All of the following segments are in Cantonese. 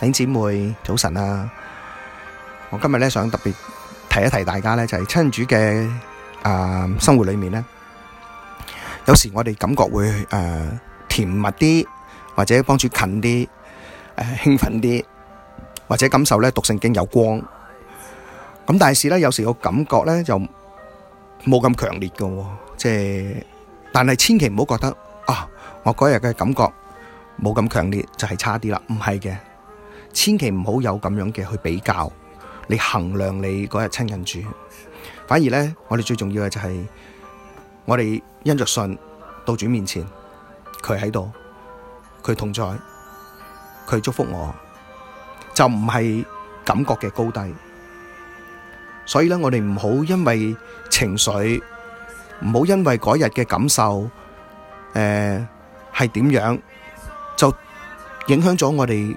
兄姐妹早晨啊！我今日咧想特別提一提大家咧，就係、是、親主嘅誒、呃、生活裏面咧，有時我哋感覺會誒、呃、甜蜜啲，或者幫主近啲誒、呃、興奮啲，或者感受咧讀聖經有光咁、就是，但是咧有時個感覺咧就冇咁強烈嘅，即係但係千祈唔好覺得啊，我嗰日嘅感覺冇咁強烈就係、是、差啲啦，唔係嘅。千祈唔好有咁樣嘅去比較，你衡量你嗰日親近主，反而咧，我哋最重要嘅就係我哋因着信到主面前，佢喺度，佢同在，佢祝福我，就唔係感覺嘅高低。所以咧，我哋唔好因為情緒，唔好因為嗰日嘅感受，誒係點樣，就影響咗我哋。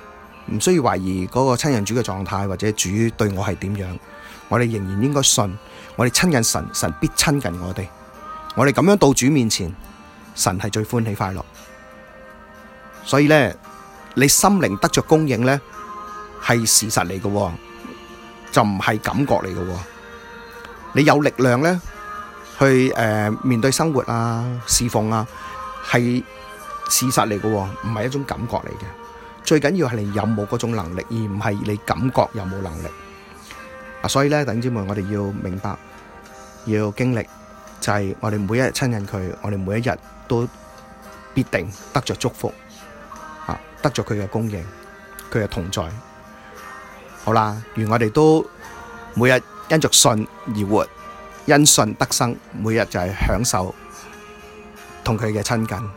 唔需要懷疑嗰個親近主嘅狀態，或者主對我係點樣，我哋仍然應該信，我哋親近神，神必親近我哋。我哋咁樣到主面前，神係最歡喜快樂。所以咧，你心靈得着供應咧，係事實嚟㗎，就唔係感覺嚟㗎。你有力量咧，去誒面對生活啊，侍奉啊，係事實嚟㗎，唔係一種感覺嚟嘅。最緊要係你有冇嗰種能力，而唔係你感覺有冇能力。啊，所以咧，弟兄姊妹，我哋要明白，要經歷，就係我哋每一日親近佢，我哋每一日都必定得着祝福，啊，得着佢嘅供應，佢嘅同在。好啦，願我哋都每日因着信而活，因信得生，每日就係享受同佢嘅親近。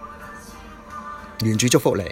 願主祝福你。